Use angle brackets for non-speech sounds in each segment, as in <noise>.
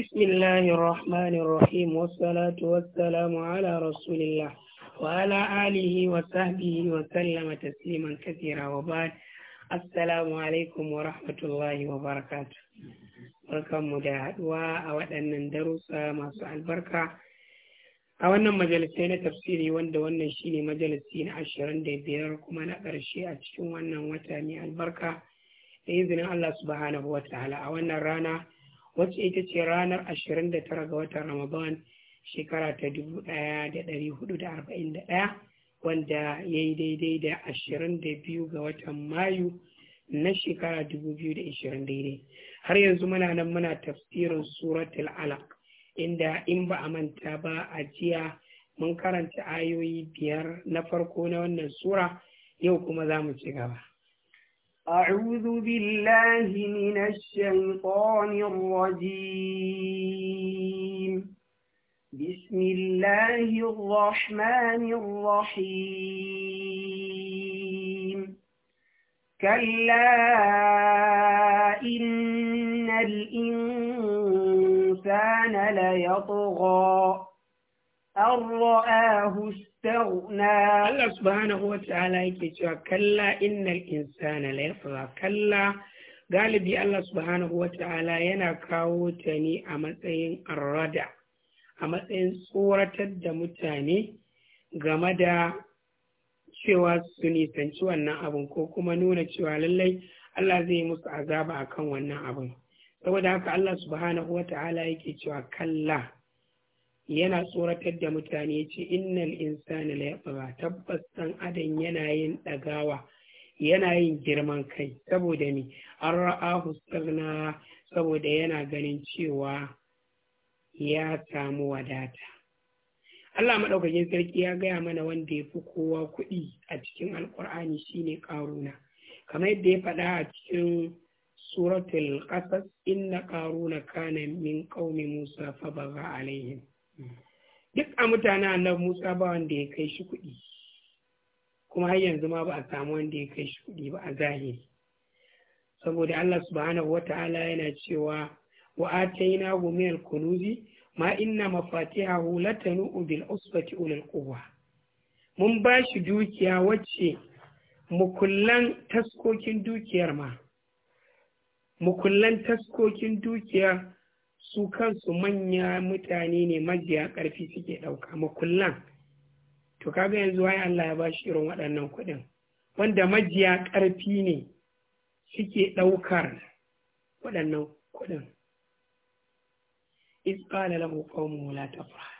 بسم الله الرحمن الرحيم والصلاة والسلام على رسول الله وعلى آله وصحبه وسلم تسليما كثيرا وبعد السلام عليكم ورحمة الله وبركاته barkanmu da haɗuwa a waɗannan darussa masu albarka a wannan majalisai na tafsiri wanda wannan shine majalisi na ashirin da biyar kuma na ƙarshe a cikin wannan wata ne albarka da izinin Allah subhanahu wa ta'ala a wannan rana wacce ita ce ranar 29 ga watan Ramadan shekara ta 1441 wanda ya yi daidai da 22 ga watan Mayu na shekara 2020 daidai. Har yanzu muna nan muna tafsirin suratul alaq inda in ba a manta ba a jiya mun karanta ayoyi biyar na farko na wannan sura yau kuma za mu ci gaba. أعوذ بالله من الشيطان الرجيم بسم الله الرحمن الرحيم كلا إن الإنسان ليطغى أن رآه Allah wa ta'ala yake cewa kalla innal insana la ليطغى Kalla galibi Allah subhanahu wa ta'ala yana kawo ta ne a matsayin arrada a matsayin tsoratar da mutane game da cewa su nisanci wannan abin ko kuma nuna cewa lallai Allah zai musu azaba akan wannan abin saboda haka Allah subhanahu wa ta'ala yake cewa kalla yana tsoratar da mutane ya ce innal insani la yatgha tabbas dan adam yana yin dagawa yana yin girman kai saboda me an ra'ahu saboda yana ganin cewa ya samu wadata Allah maɗaukakin sarki ya gaya mana wanda ya fi kowa kuɗi a cikin alƙur'ani shine ƙaruna kamar yadda ya faɗa a cikin suratul qasas inna karuna kana min qaumi musa fa baga alaihim duk a mutane annabi musa ba wanda ya kai shi kuɗi kuma har yanzu ma ba a samu wanda ya kai shi kuɗi ba a zahiri saboda allah subhanahu wa ta'ala yana cewa wa atayna min kunuzi ma inna mafatihahu latanu bil usbati ulil quwwa mun ba shi dukiya wacce mukullan taskokin dukiyar ma mukullan taskokin dukiyar su kansu manya mutane ne majiya ƙarfi suke ɗauka makullan to kaga yanzu wai Allah ya ba shi irin waɗannan kuɗin wanda majiya ƙarfi ne suke ɗaukar waɗannan kuɗin iz qala lahu qawmu la tafrah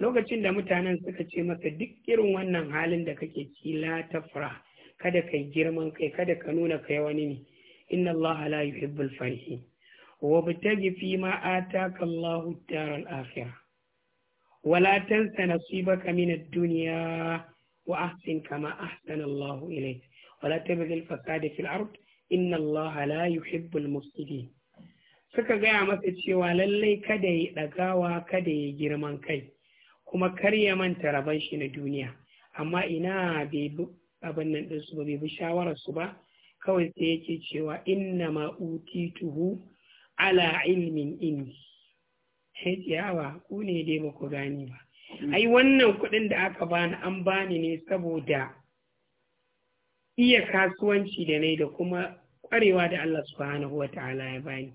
lokacin da mutanen suka ce masa duk irin wannan halin da kake ci la tafrah kada kai girman kai kada ka nuna kai wani ne inna allaha la yuhibbul farihin وابتغ فيما آتاك الله الدار الآخرة ولا تنس نصيبك من الدنيا وأحسن كما أحسن الله إليك ولا تبغ الفساد في الأرض إن الله لا يحب المفسدين suka gaya masa cewa lallai kada ya ɗagawa kada ya girman kai kuma kar ya manta rabon shi na duniya amma ina bai bi abin nan ɗinsu ba bai bi shawararsu ba kawai sai yake cewa inna ma tuhu. ala ilmin inni sai ciyawa ku ne dai ba ku gane ba hmm. ai wannan kuɗin da aka bani an bani ne saboda iya kasuwanci da nai da kuma ƙwarewa da Allah subhanahu wa ta'ala ya bani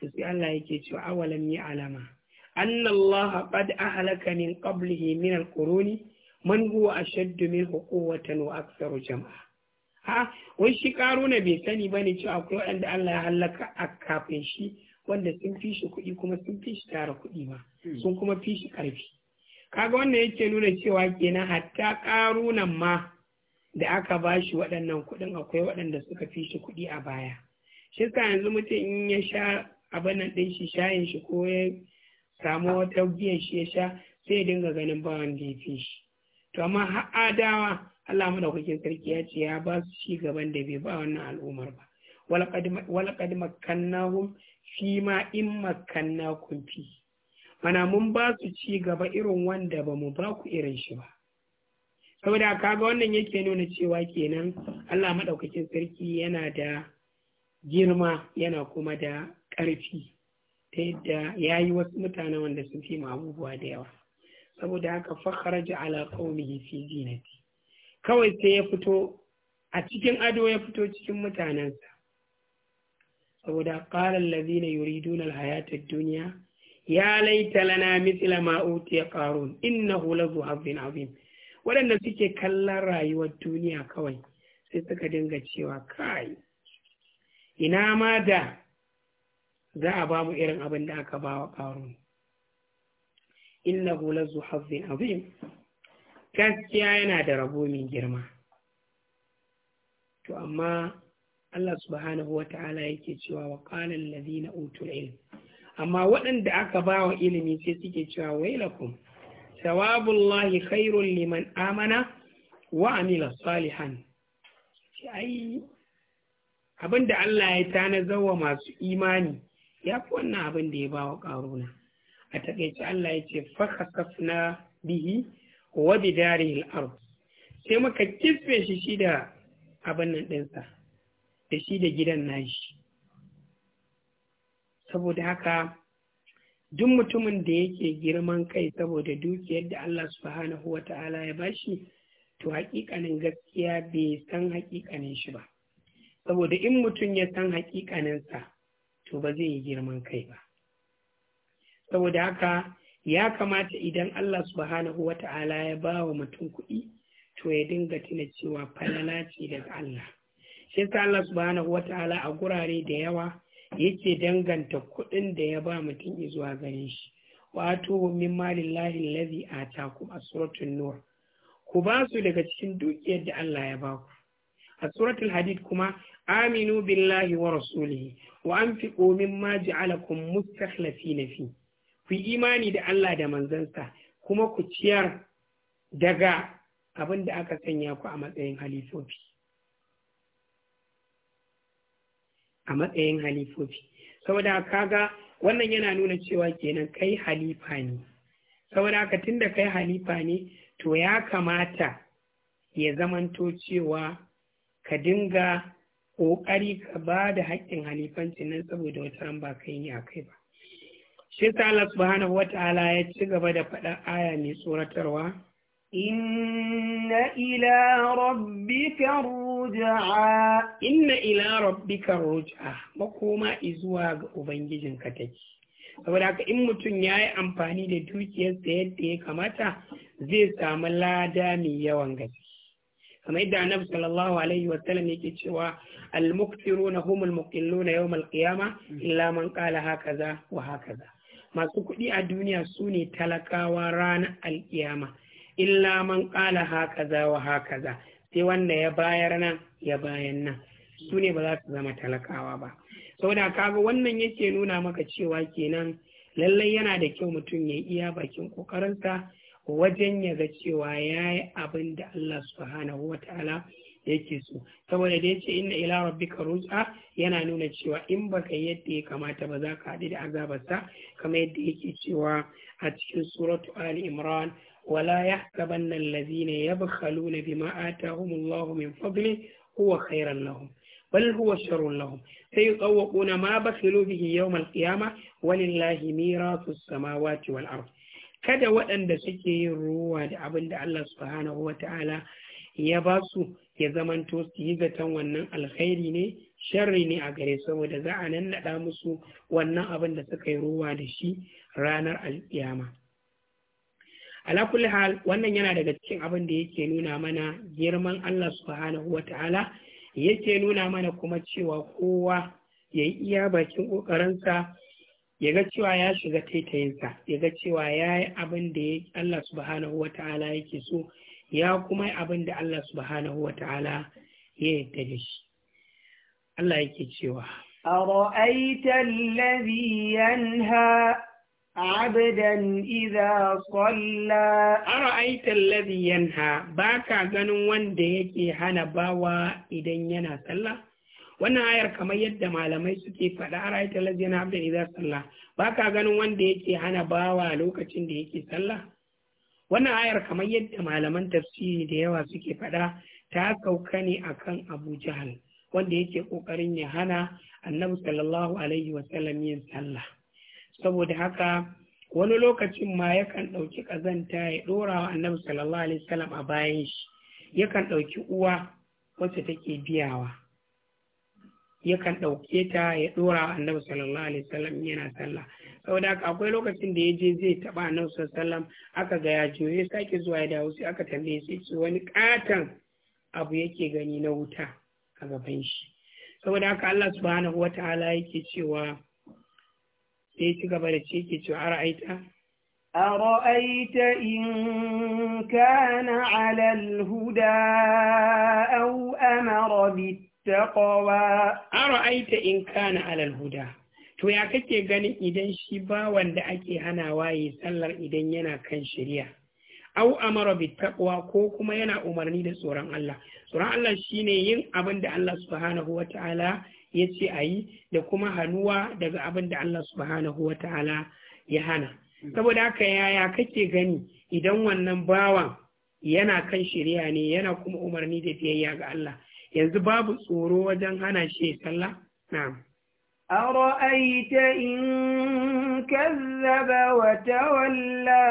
to sai Allah yake cewa awalam ya alama annallaha qad ahlaka min qablihi min alquruni man huwa ashaddu minhu quwwatan wa aktharu jama'a ha wai shi ƙaruna bai sani ba ne cewa akwai waɗanda Allah ya hallaka a kafin shi wanda sun fi shi kuɗi kuma sun fi shi tara kuɗi ba hmm. sun kuma fi shi ƙarfi kaga wannan yake nuna cewa kenan hatta karunan ma da aka ba shi waɗannan kuɗin akwai waɗanda suka fi shi kuɗi a baya shi sa yanzu mutum in ya sha abin nan ɗin shi shayin shi ko ya samu wata biyan shi ya sha sai dinga ganin ba wanda ya fi shi to amma har adawa Allah madaukakin sarki ya ce ya ba su ci gaban da bai ba wannan al'ummar ba walaqad makannahum fi ma in makkannakum fi mana mun ba su ci gaba irin wanda ba mu ba ku irin shi ba saboda kaga wannan yake nuna cewa kenan Allah madaukakin sarki yana da girma yana kuma da ƙarfi ta yadda ya yi wasu mutane wanda sun fi abubuwa da yawa saboda haka fakharaja ala qaumihi fi zinati kawai sai ya fito a cikin ado ya fito cikin mutanensa saboda ƙarar lazina yuridun hayatar duniya ya laita lana mithla ma utiya qarun innahu lazu hazin abin. waɗanda suke kallon rayuwar duniya kawai sai suka dinga cewa kai ina ma da za a ba mu irin abin da aka ba wa qarun innahu lazu hazin abin. gaskiya yana da rabo mai girma to amma Allah subhanahu wa ta'ala yake cewa wa qalan ladina utul ilm amma waɗanda aka ba wa ilimi sai suke cewa wailakum sawabullahi khairul liman amana wa amila salihan Sai abinda Allah ya tana zawa masu imani ya fi wannan abin da ya ba wa ƙaruna a taƙaice Allah ya ce na bihi wa bi darihil ard sai muka kiffe shi shi da abin nan ɗinsa da shi da gidan nashi saboda haka duk mutumin da yake girman kai saboda dukiyar da Allah subhanahu wa ta'ala ya bashi to hakikanin gaskiya bai san hakikanin shi ba saboda in mutum ya san hakikaninsa to ba zai yi girman kai ba saboda haka ya kamata idan Allah subhanahu wa ta'ala ya ba wa mutum kuɗi to ya dinga tuna cewa falala ce daga Allah shi yasa Allah subhanahu wa ta'ala a gurare da yawa yake danganta kuɗin da ya ba mutum zuwa gare shi wato min malillahi allazi atakum a nur ku ba su daga cikin dukiyar da Allah ya ba ku a suratul hadid kuma aminu billahi wa rasulihi wa anfiqu mimma ja'alakum mustakhlifina fihi ku yi imani da Allah da manzansa kuma ku ciyar daga abin da aka sanya ku a matsayin halifofi a matsayin halifofi saboda kaga wannan yana nuna cewa kenan kai halifa ne saboda haka da kai halifa ne to ya kamata ya zamanto cewa ka dinga ƙoƙari ka ba da haƙƙin halifanci nan saboda wata ran ba kai ne a kai ba shi ta Allah subhanahu wa ta'ala ya ci gaba da faɗa aya mai tsoratarwa inna ila rabbika ruj'a inna ila rabbika ruj'a makoma izuwa ga ubangijinka take saboda haka in mutum ya yi amfani da dukiyarsa yadda ya kamata zai samu lada mai yawan gaske kamar yadda annabi sallallahu alaihi wa sallam yake cewa al-muqtiruna humul muqilluna yawm al qiyamah illa man qala hakaza wa hakaza masu kuɗi a duniya su ne talakawa ranar al'iyama, illa man ƙala hakaza wa hakaza sai wanda ya bayar nan ya bayan nan su ne ba za su zama talakawa ba saboda kaga wannan yake nuna maka cewa kenan lallai yana da kyau mutum ya iya bakin kokarinsa wajen ya ga cewa ya yi abin da Allah subhanahu ta'ala yake so saboda da ce inna ila rabbika ruj'a yana nuna cewa in baka yadda ya kamata ba za ka haɗu da azabarsa kamar yadda yake cewa a cikin suratu ali imran wala yahsabanna allazina yabkhaluna bima atahumullahu min fadli huwa khairan lahum بل هو sai لهم فيطوقون ما بخلوا به يوم القيامة ولله ميراث السماوات والأرض kada waɗanda suke yin ruwa da abin da Allah subhanahu wa ta'ala ya ba su ya zamanto su yi zaton wannan alkhairi ne sharri ne a gare saboda za a nan musu wannan abin da suka yi ruwa da shi ranar alƙiyama. ala kulli hal wannan yana daga cikin abin da yake nuna mana girman Allah subhanahu wata'ala yake nuna mana kuma cewa kowa ya yi iya bakin ƙoƙarinsa ya ga cewa ya shiga taitayinsa ya ga cewa ya yi abin da Allah subhanahu wata'ala yake so ya kuma yi abin da Allah subhanahu wa ta'ala ya yadda da shi. Allah yake cewa. a أرأيت الذي ينهى عبدا إذا صلى أرأيت ha, ba ka ganin wanda yake hana bawa idan yana sallah wannan ayar kamar yadda malamai suke faɗa ara'aita allazi yana abdan idza sallah ka ganin wanda yake hana bawa lokacin da yake sallah wannan ayar kamar yadda malaman tafsiri da yawa suke faɗa ta sauka ne akan abu jahal wanda yake ƙoƙarin ya hana annabi sallallahu alaihi wasallam yin sallah saboda haka wani lokacin ma yakan ɗauki ƙazanta ya ɗorawa wa annabi sallallahu alaihi wasallam a bayan shi yakan ɗauki uwa wacce take biyawa yakan ɗauke ta ya ɗora annabi sallallahu alaihi wasallam yana sallah saboda haka akwai lokacin da ya je zai taɓa annabi sallallahu alaihi wasallam aka ga ya jiyo ya sake zuwa ya dawo sai aka tambaye shi ce wani ƙaton abu yake gani na wuta a gaban shi saboda haka Allah subhanahu wata'ala yake cewa sai ci gaba da ce yake cewa ara'aita أرأيت إن كان على الهدى أو أمر بالتقوى taqwa ara'aita in kana alal huda to ya kake ganin idan shi ba wanda ake hanawa yi sallar idan yana kan shari'a au amara bi taqwa ko kuma yana umarni da tsoron Allah tsoron Allah shine yin abin da Allah subhanahu wataala ya ce a yi da kuma hannuwa daga abin da Allah subhanahu wa ta'ala ya hana. Saboda haka yaya kake gani idan wannan bawan yana kan shirya ne yana kuma umarni da biyayya ga Allah yanzu babu tsoro wajen hana shi sallah na'am ara'aita in kazzaba wa tawalla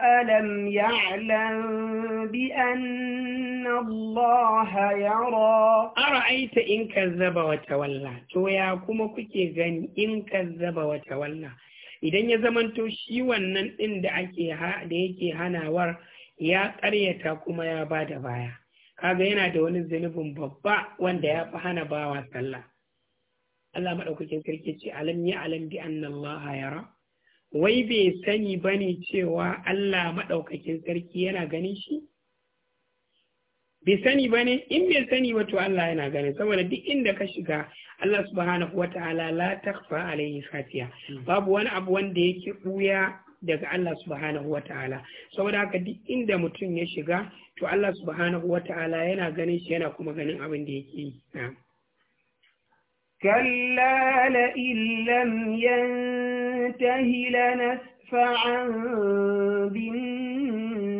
alam ya'lam bi anna Allah yara ara'aita in kazzaba wa tawalla to ya kuma kuke gani in kazzaba wa tawalla idan ya zamanto shi wannan din da ake da yake hanawar ya karyata kuma ya bada baya kaga yana da wani zunubin babba wanda ya fi hana bawa sallah Allah maɗaukakin sarki ce alam ya alam bi anna Allah yara wai bai sani bane cewa Allah maɗaukakin sarki yana ganin shi bai sani bane in bai sani ba Allah yana ganin saboda duk inda ka shiga Allah subhanahu wataala la takfa alayhi khatiya hmm. babu wani abu wanda yake buya daga Allah subhanahu wata'ala saboda haka duk inda mutum ya shiga to Allah subhanahu wata'ala yana ganin shi yana kuma ganin abin da yake yi kalla la illam yantahi lanasfa'an bin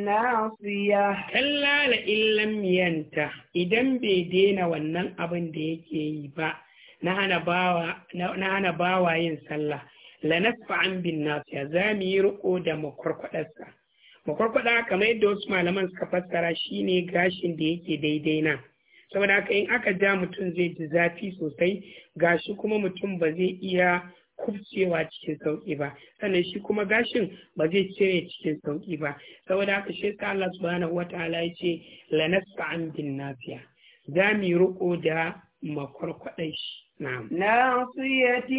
nasiya kalla la illam yanta idan bai daina wannan abin da yake yi ba na hana bawa na hana bawa yin sallah lanasfa an bin ya za mu yi riko da makwarkwadarsa makwarkwada kamar yadda wasu malaman suka fassara shine gashin da yake daidai na saboda haka in aka ja mutum zai ji zafi sosai gashi kuma mutum ba zai iya kubcewa cikin sauki ba sannan shi kuma gashin ba zai cire cikin sauki ba saboda haka shi ta Allah subhanahu wataala ya ce lanasfa an bin nafiya za mu yi riko da makwarkwadar shi ناصية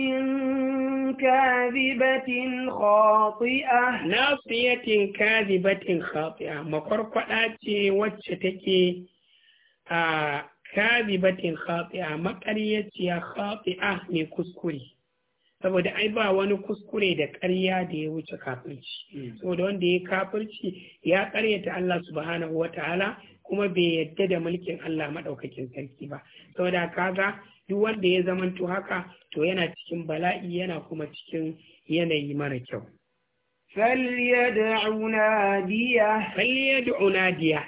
كاذبة خاطئة ناصية كاذبة خاطئة مقرقعة وجتك kazibatin khati'a makaryaciya khati'a mai kuskure saboda ai ba wani kuskure da ƙarya da ya wuce kafirci saboda wanda ya kafirci ya ƙaryata Allah subhanahu Ta'ala kuma bai yadda da mulkin Allah maɗaukakin sarki ba saboda kaga duk wanda ya zamanto haka to yana cikin bala'i yana kuma cikin yanayi mara kyau falyad'u nadiya falyad'u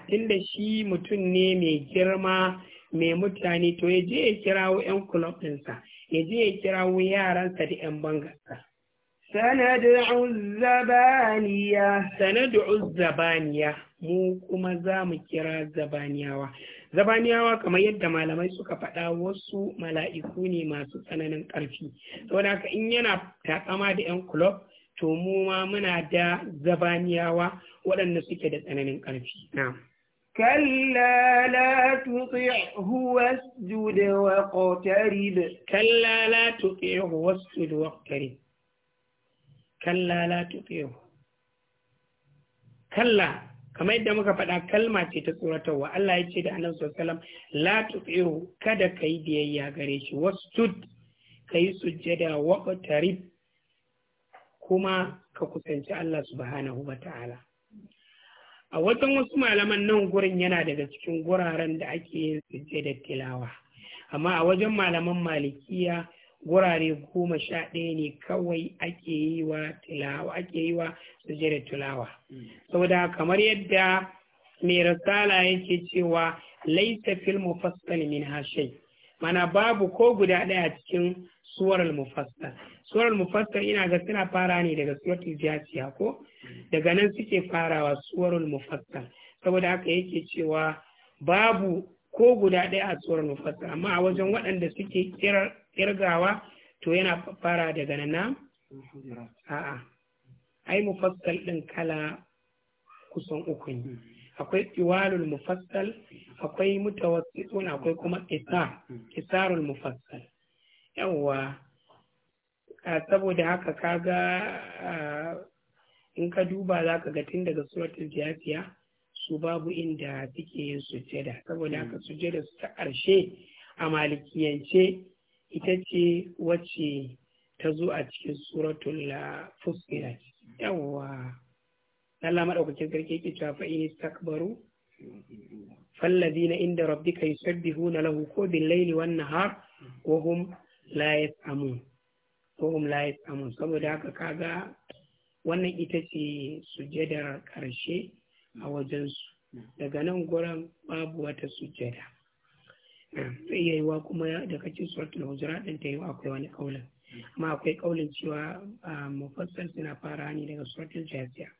tunda shi mutum ne mai girma mai mutane to ya je ya kirawo 'yan kulob ɗinsa ya je ya kirawo yaransa da 'yan bangarsa. Sanad'u Uzzabaniya, mu kuma za mu kira zabaniyawa. zabaniyawa kamar yadda malamai suka faɗa wasu mala'iku ne masu tsananin ƙarfi saboda haka in yana takama da 'yan kulob to mu ma muna da zabaniyawa waɗanda suke da tsananin ƙarfi na tuqihu wasjud wa qtarib Kalla la tuqihu wasjud wa qtarib Kalla la tuqihu Kalla kamar yadda muka faɗa kalma ce ta tsoratarwa Allah ya ce da annabi sallallahu la tuqiru kada kai biyayya gare shi wasud kai sujjada wa qarib kuma ka kusanci Allah subhanahu ta'ala. a wajen wasu malaman nan gurin yana daga cikin guraren da ake yin sujjadar tilawa amma a wajen malaman malikiya gurare goma sha ɗaya ne kawai ake yi wa tilawa ake yi wa sujada tilawa saboda kamar yadda mai rasala yake cewa laisa fil mufassal min hashai mana babu ko guda ɗaya cikin suwarar mufassal suwarar mufassal ina ga suna fara ne daga suratul jasiya ko daga nan suke farawa suwarar mufassal saboda haka yake cewa babu ko guda ɗaya a suwarar mufassal amma a wajen waɗanda suke kirar kirgawa to yana fara daga nan a'a ai mufassal din kala kusan uku ne akwai tiwalul mufassal akwai mutawassitun akwai kuma isa isarul mufassal yawwa saboda haka kaga in ka duba za ka ga tun daga suratul jafiya su babu inda suke yin sujjada saboda haka sujjada su ta ƙarshe a malikiyance ita ce wacce ta zo a cikin suratul fusilat yawwa Allah madaukakin sarki yake cewa fa in istakbaru falladina inda rabbika yusabbihuna lahu ko bil laili wan nahar wa hum la yasamun wa hum la yasamun saboda haka kaga wannan ita ce sujadar karshe a wajensu daga nan gurin babu wata sujada zai yi wa kuma da kacin suratul hujura din ta yiwa akwai wani kaulin amma akwai kaulin cewa mufassal suna fara ne daga suratul jaziya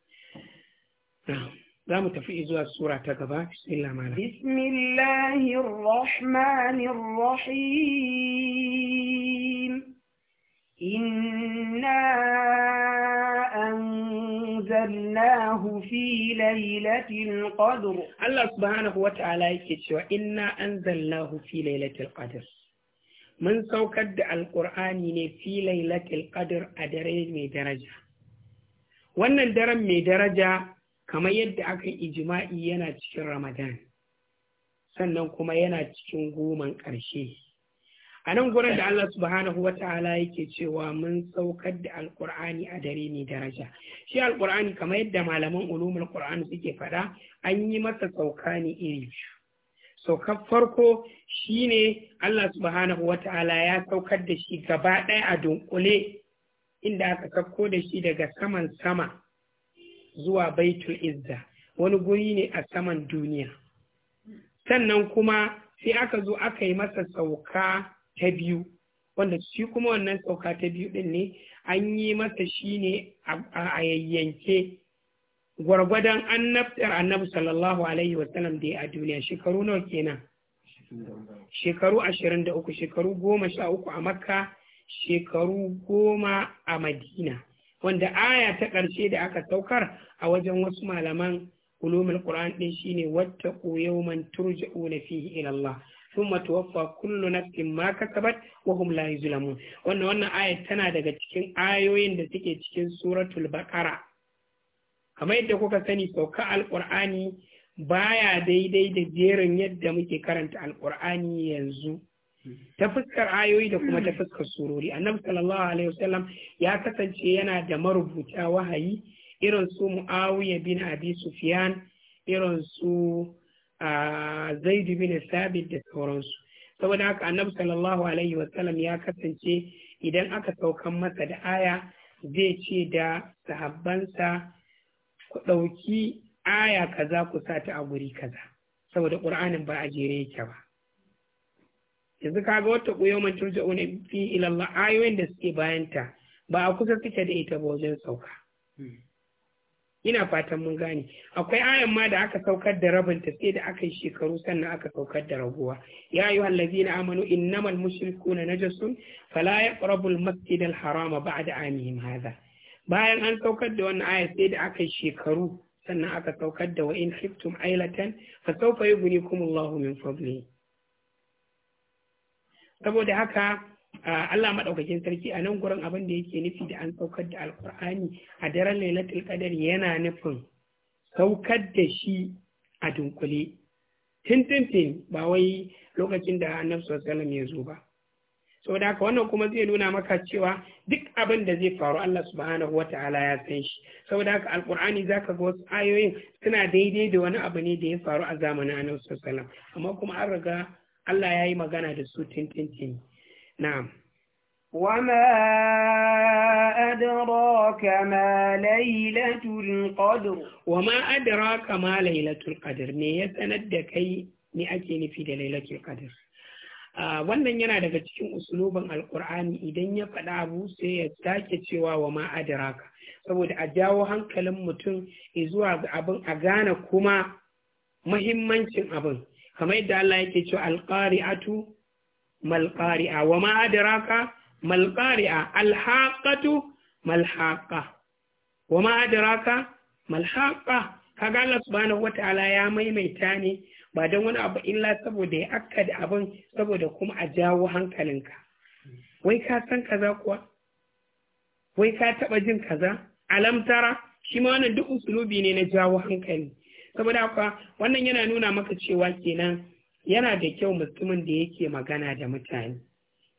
za mu tafi zuwa sura ta gaba bismillah mala bismillahir rahmanir rahim inna anzalnahu fi laylatil qadr Allah subhanahu wa ta'ala yake cewa inna anzalnahu fi laylatil qadr mun saukar da Alƙur'ani ne fi laylatil qadr a dare mai daraja wannan daren mai daraja kamar yadda aka yi ijma'i yana cikin ramadan sannan kuma yana cikin goman ƙarshe a nan gurin da Allah subhanahu wa ta'ala yake cewa mun saukar da alkur'ani a dare ne daraja shi alkur'ani kamar yadda malaman ulumul qur'an suke fada an yi masa sauka ne iri saukar farko shine Allah subhanahu wa ta'ala ya saukar da shi gaba ɗaya a dunkule inda aka sauko da shi daga saman sama zuwa baitul izza wani guri ne a saman duniya sannan kuma sai aka zo aka yi masa sauka ta biyu wanda shi kuma wannan sauka ta biyu din ne an yi masa shi ne a yayyanke gwargwadon annabtar annabi sallallahu alaihi wasallam da ya a duniya shekaru nawa kenan shekaru ashirin da uku shekaru goma sha uku a makka shekaru goma a madina wanda aya ta ƙarshe da aka saukar a wajen wasu malaman ulumul qur'an din shine wata yawman turja'una fihi ila Allah thumma tuwaffa kullu nafsin ma kasabat wa hum la yuzlamun wannan wannan ayat tana daga cikin ayoyin da suke cikin suratul baqara kamar yadda kuka sani sauka alqur'ani baya daidai da jerin yadda muke karanta alqur'ani yanzu ta fuskar ayoyi da kuma ta fuskar surori annabi sallallahu alaihi wasallam ya kasance yana da marubuta wahayi irin su muawiya bin abi sufyan irin su zaid bin sabit da sauransu saboda haka annabi sallallahu alaihi wasallam ya kasance idan aka saukan masa da aya zai ce da sahabbansa ku ɗauki aya kaza ku sa ta a guri kaza saboda ƙur'anin ba a jere yake ba yanzu kaga wata ƙuyoman turja fi ilallah ayoyin da suke bayanta ba a kusa suke da ita ba wajen sauka hmm. ina fatan mun gane akwai ayan ma da aka saukar da rabinta sai da aka yi shekaru sannan aka saukar da raguwa ya ayu allazina amanu innamal mushrikuna najasun fala yaqrabu al-masjid al-harama ba'da amin hadha bayan an saukar da wannan aya sai da aka yi shekaru sannan aka saukar da wa in khiftum ailatan fa sawfa yughnikum Allahu min fadlihi saboda haka Allah maɗaukakin sarki a nan gurin abin da yake nufi da an saukar da alkur'ani a daren lailatul qadar yana nufin saukar da shi a dunkule tintintin ba wai lokacin da annabi sallallahu ya zo ba saboda haka wannan kuma zai nuna maka cewa duk abin da zai faru Allah subhanahu wata'ala ya san shi saboda haka alkur'ani zaka ga wasu ayoyin suna daidai da wani abu ne da ya faru a zamanin annabi sallallahu amma kuma an riga Allah ya yi magana da su tintintin نعم وما أدراك ما ليلة القدر وما أدراك ما ليلة القدر me ya sanar da kai في ake nufi da wannan yana daga cikin usulubin alkur'ani idan ya faɗa abu sai ya sake cewa wa ma adraka saboda a jawo hankalin mutum zuwa ga abin a gane kuma mahimmancin abin kamar yadda Allah yake cewa alqari'atu malƙari'a wa ma'adaraka malƙari'a alhaƙatu malhaƙa wa ma'adaraka malhaƙa kaga Allah subhanahu wata'ala ya maimaita ne ba don wani abu illa saboda ya akka da abin saboda kuma a jawo hankalinka wai ka san kaza kuwa wai ka taɓa jin kaza alamtara shi ma wannan duk usulubi ne na jawo hankali saboda haka wannan yana nuna maka cewa kenan yana da kyau mutumin da yake magana da mutane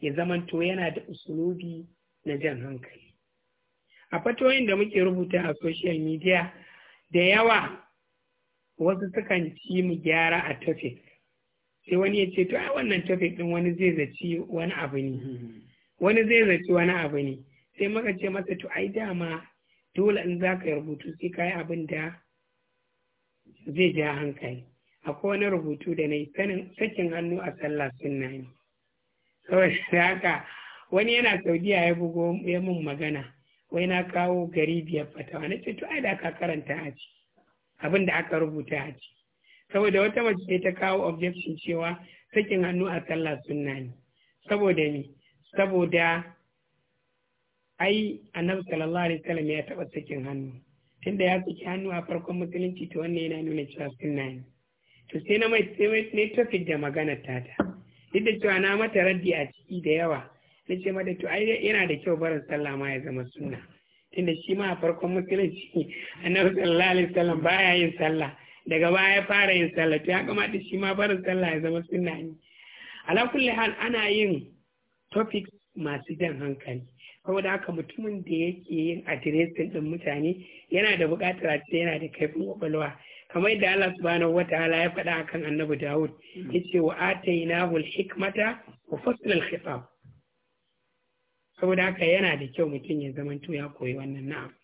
ya zamanto yana da usulubi na jan hankali a fatoyin da muke rubuta a social media da yawa wasu sukan ci mu gyara a tafik sai wani ya ce to ai wannan tafik din wani zai zaci wani abu ne wani zai zaci wani abu ne sai muka ce masa to ai dama dole in za ka rubutu sai ka yi abin da zai ja hankali akwai wani rubutu da na yi sakin hannu a sallah sunna ne saboda <laughs> haka wani yana saudiya ya bugo ya mun magana wai na kawo gari biyar fatawa na ce to ai da aka karanta a ci abin da aka rubuta a ci saboda wata mace ta kawo objection cewa sakin hannu a sallah sunna ne saboda ni saboda ai annabi sallallahu alaihi wasallam ya taba sakin hannu tunda ya saki hannu a farkon musulunci to wannan yana nuna cewa sunna ne to sai na mai ne tafi da maganar ta. duk da cewa na mata raddi a ciki da yawa na ce mata to ai yana da kyau barin sallah ma ya zama sunna tunda shi ma a farkon musulunci annabi sallallahu alaihi wasallam baya yin sallah daga baya ya fara yin sallah to ya kamata shi ma barin sallah ya zama sunna ne ala kulli hal ana yin topics masu jan hankali saboda haka mutumin da yake yin adiresin din mutane yana da buƙatar a yana da kaifin kwakwalwa kamar yadda Allah subhanahu wataala ya faɗa akan annabi Dawud hmm. yace wa atainahu al-hikmata wa fasl al-khitab saboda haka yana da kyau mutum ya to ya koyi wannan na'am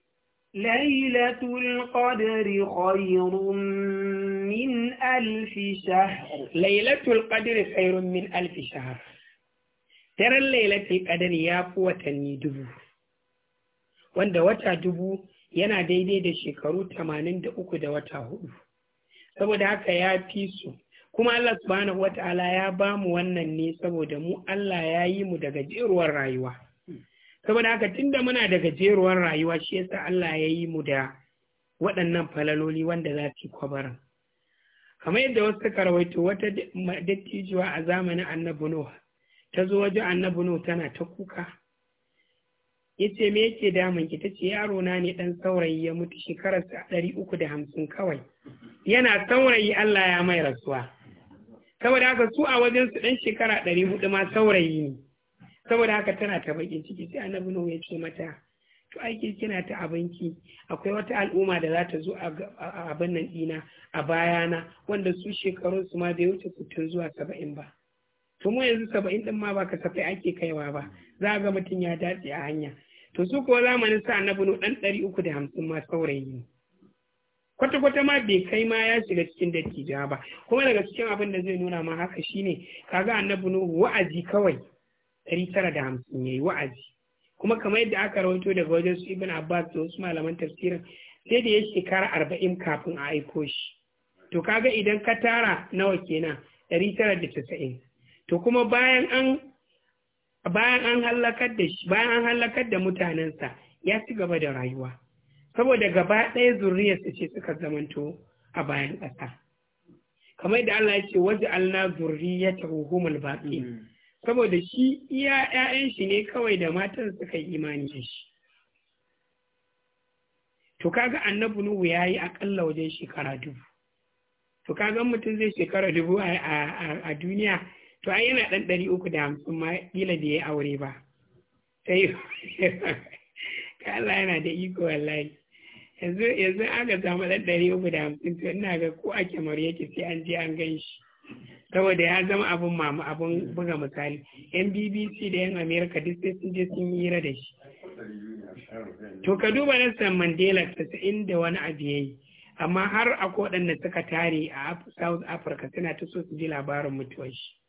laylatul القدر khayrun min alf shahr laylatul القدر khayrun min alf shahr daren lailatul qadar ya fi watanni dubu wanda wata dubu yana daidai da shekaru tamanin da uku da wata hudu saboda haka ya fi su kuma Allah subhanahu wata'ala ya ba mu wannan ne saboda mu Allah ya yi mu da gajeruwar rayuwa saboda haka tunda muna da gajeruwar rayuwa shi yasa Allah ya yi mu da waɗannan falaloli wanda za su kwabarin kamar yadda wasu suka rawaito wata dattijuwa a zamanin annabi Nuh ta zo wajen annabi Nuh tana ta kuka ya ce me yake damun ki Ta ce yaro na ne dan saurayi ya mutu shekararsa ɗari uku da hamsin kawai yana saurayi Allah ya mai rasuwa saboda haka su a wajen su dan shekara ɗari hudu ma saurayi ne saboda haka tana ta bakin ciki sai annabi ya ce mata to aiki kina ta abinki akwai wata al'umma da za ta zo a abin nan dina a bayana wanda su shekarun su ma bai wuce sittin zuwa saba'in ba to mu yanzu saba'in din ma ba kasafai ake kaiwa ba za ga mutum ya dace a hanya to su kuwa zamanin sa annabi nu dan ɗari da hamsin ma saurayi ne kwata-kwata ma bai kai ma ya shiga cikin dattija ba kuma daga cikin abin da zai nuna ma haka shine kaga annabi no wa'azi kawai ɗari tara da hamsin yayi wa'azi kuma kamar yadda aka rawaito daga wajen su ibn abbas da wasu malaman tafsirin sai da ya shekara arba'in kafin a aiko shi to kaga idan ka tara nawa kenan ɗari tara da casa'in to kuma bayan an bayan an halakar da shi bayan an halakar da mutanensa ya ci gaba da rayuwa saboda gaba ɗaya zurriyarsa ce suka zamanto a bayan ƙasa kamar da Allah ya ce waje alna zurriyata hukumul baqi hmm. saboda shi iya ƴaƴan shi ne kawai da matan suka yi imani da shi to kaga annabi nuhu yayi akalla wajen shekara dubu to kaga mutum zai shekara dubu a duniya to ai yana ɗan ɗari uku da hamsin ma kila da ya aure ba sai <laughs> ka Allah yana da iko wallahi yanzu yanzu aka samu ɗan ɗari uku da hamsin to ina ga ko a kyamar yake sai an je an gan shi saboda ya zama abin mamu abin buga misali yan bbc da yan america duk sai sun je sun yi da shi to ka duba Nelson mandela tasa'in da wani abu ya amma har akwai waɗanda suka tare a south africa suna ta so su ji labarin mutuwar shi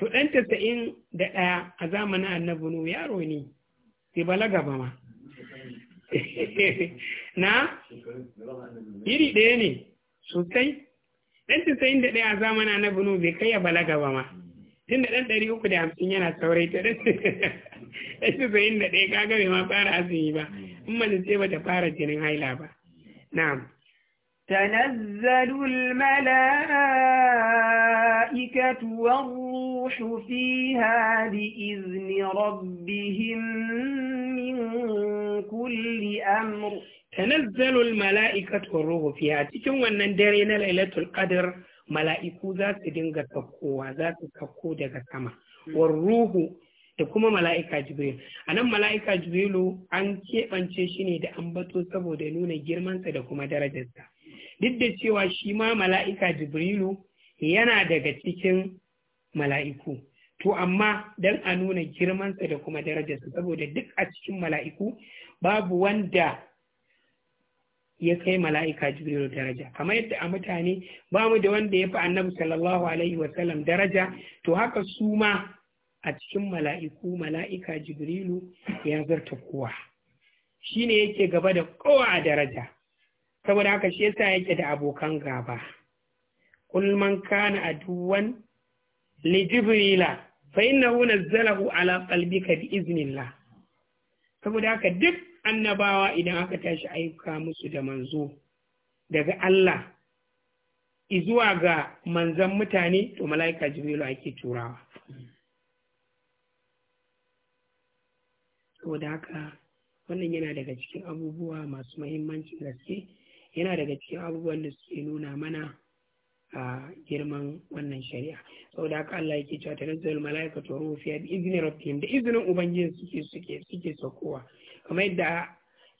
to ɗan tasa'in da ɗaya a zamanin annabi nu yaro ne sai balaga ba ma <laughs> na iri ɗaya ne sosai ɗan tasa'in da ɗaya a zamanin annabi nu bai kai ya balaga ba ma tun da ɗan ɗari uku da hamsin yana saurai ta <laughs> ɗan tasa'in da ɗaya kaga bai ma fara azumi ba in mace ce ba ta fara jinin haila ba na'am تنزل الملائكة والروح فيها بإذن ربهم من كل أمر تنزل الملائكة والروح فيها wannan dare na Lailatul Qadr mala'iku za su dinga saukowa za su sauko daga sama war da kuma mala'ika jibril a nan mala'ika jibrilu an keɓance shi ne da ambato saboda nuna girmansa da kuma darajarsa duk da cewa shi ma mala'ika Jibrilu yana daga cikin mala'iku. To, amma don a nuna girmansa da kuma darajarsa saboda duk a cikin mala'iku babu wanda ya kai mala'ika Jibrilu daraja. Kamar yadda a mutane ba mu da wanda ya fi annabi sallallahu Alaihi wasallam daraja, to haka su ma a cikin mala'iku mala'ika Jibrilu ya zarta kowa. Shi ne yake gaba da kowa a daraja. saboda haka shi yasa yake da abokan gaba kul man kana aduwan li jibrila fa innahu nazzalahu ala qalbika bi iznillah saboda haka duk annabawa idan aka tashi aika musu da manzo daga Allah izuwa ga manzan mutane to mala'ika jibrilu ake turawa saboda haka wannan yana daga cikin abubuwa masu mahimmancin gaske yana daga cikin abubuwan da suke nuna mana a girman wannan shari'a saboda haka Allah yake cewa ta nazzal malaikatu ruhu fiye da izni rabbihim da izinin ubangiji suke suke suke sakowa kamar yadda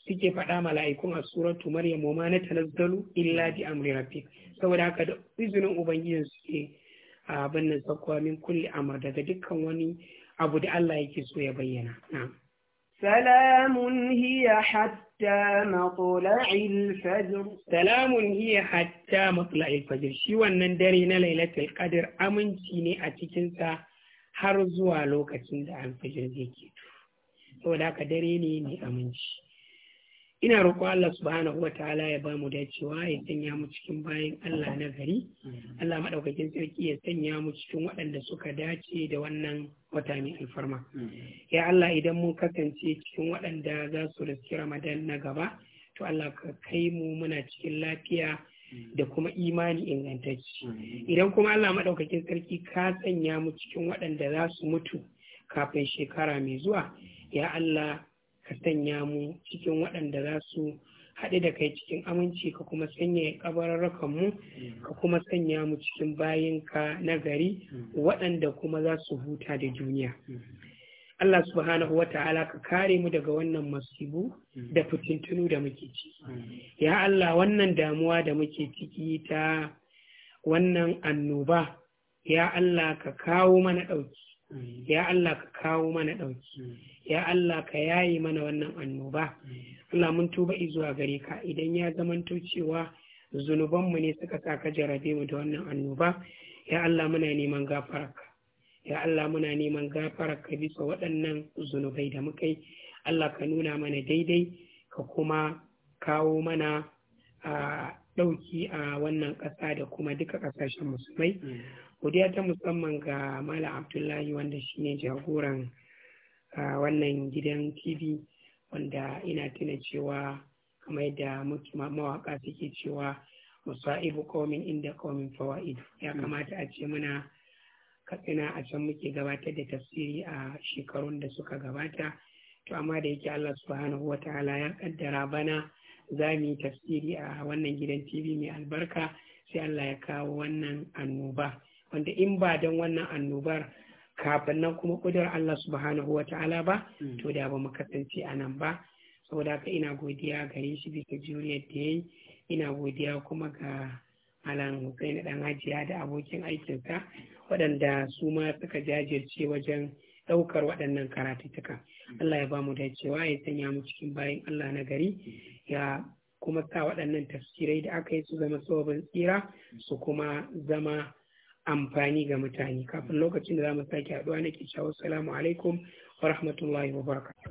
suke faɗa mala'ikun a suratu maryam ma na tanazzalu illa bi amri rabbik saboda haka da izinin ubangiji suke a nan sakowa min kulli amr daga dukkan wani abu da Allah yake so ya bayyana na salamun hiya hatta حتى مطلع الفجر salamun هي حتى مطلع الفجر shi wannan dare na lailatul qadr aminci ne a cikin sa har zuwa lokacin da alfajir zai ke to saboda haka dare ne mai aminci ina roƙo Allah subhanahu wataala ya ba mu dacewa ya sanya mu cikin bayan Allah na gari Allah madaukakin sarki ya sanya mu cikin waɗanda suka dace da wannan wata mai alfarma ya Allah idan mun kasance cikin waɗanda za su riski Ramadan na gaba to Allah ka kai mu muna cikin lafiya da kuma imani ingantacci idan kuma Allah madaukakin sarki ka sanya mu cikin waɗanda za su mutu kafin shekara mai zuwa ya Allah ka sanya mu cikin waɗanda za su haɗu da kai cikin aminci ka kuma sanya kabararrakan mu ka kuma sanya mu cikin bayinka na gari waɗanda kuma za su huta da duniya Allah subhanahu wa ta'ala ka kare mu daga wannan masibu da fitintunu da muke ciki ya Allah wannan damuwa da muke ciki ta wannan annoba ya Allah ka kawo mana ɗauki ya Allah ka kawo mana ɗauki ya Allah ka yayi mana wannan annoba Allah mun tuba zuwa gare ka idan ya zamanto cewa zunubanmu ne suka sa ka jarabe mu da wannan annoba ya Allah muna neman gafararka ya Allah muna neman gafararka bisa waɗannan zunubai da muka yi Allah ka nuna mana daidai ka kuma kawo mana a ah, ɗauki a wannan ƙasa da kuma duka ƙasashen musulmai godiya ta musamman ga malam abdullahi wanda shi ne jagoran wannan gidan tv wanda ina tuna cewa kamar yadda mawaka suke cewa musa'ibu komin inda komin fawa'id ya hmm. kamata a ce muna katsina a can muke gabatar da tafsiri a shekarun da suka gabata to amma da yake allah subhanahu wa ta'ala ya kaddara bana za mu yi tafsiri a wannan gidan tv mai albarka sai allah ya kawo wannan annoba. wanda in ba don wannan annobar kafin nan kuma kudur Allah subhanahu wa ta'ala ba hmm. to da ba mu kasance a nan ba saboda haka ina godiya gare shi bisa juriyar da yi ina godiya kuma ga Alan Hussein dan Hajiya da abokin aikinsa waɗanda su ma suka jajirce wajen ɗaukar waɗannan karatuttuka. Hmm. Allah ya ba mu dacewa ya sanya mu cikin bayan Allah na gari ya kuma sa waɗannan tafsirai da aka yi su zama sababin tsira su kuma zama amfani ga mutane kafin lokacin da za mu sake haɗuwa nake cewa assalamu alaikum wa rahmatullahi wa baraka